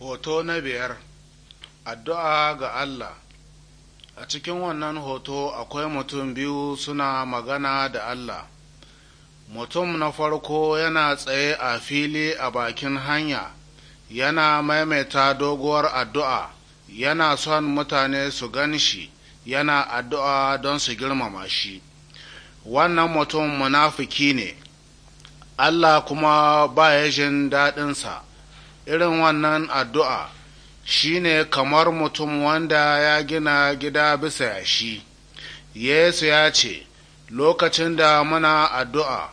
hoto na biyar addu'a ga allah a cikin wannan hoto akwai mutum biyu suna magana da allah mutum na farko yana tsaye a fili a bakin hanya yana maimaita doguwar addu'a yana son mutane su gan shi yana addu'a don su girmama shi wannan mutum munafiki ne allah kuma ba ya jin daɗinsa irin wannan addu'a shi ne kamar mutum wanda ya gina gida bisa yashi yesu ya ce lokacin da muna addu'a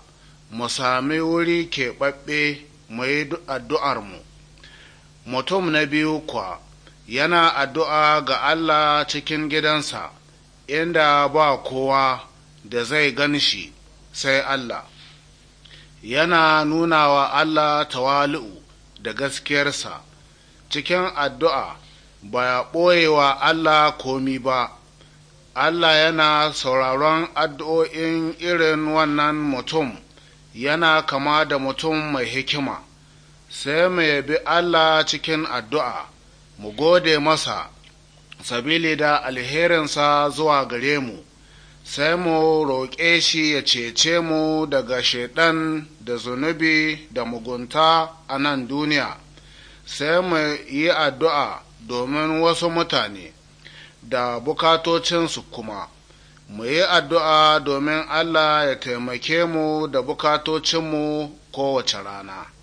mu sami wuri keɓaɓɓe mu yi addu'armu mutum na biyu kuwa yana addu'a ga allah cikin gidansa inda ba kowa da zai gan shi sai allah yana nuna wa allah tawali'u da gaskiyarsa cikin addu'a ba ya ɓoyewa Allah komi ba, Allah yana sauraron addu'o'in irin wannan mutum yana kama da mutum mai hikima, sai mu yabi Allah cikin addu'a, mu gode masa, sabili da alherinsa zuwa gare mu. sai mu roƙe shi ya cece mu daga shaiɗan da zunubi da mugunta a nan duniya, sai mu yi addu'a domin wasu mutane da bukatocinsu kuma, mu yi addu'a domin Allah ya taimake mu da bukatocinmu kowace rana.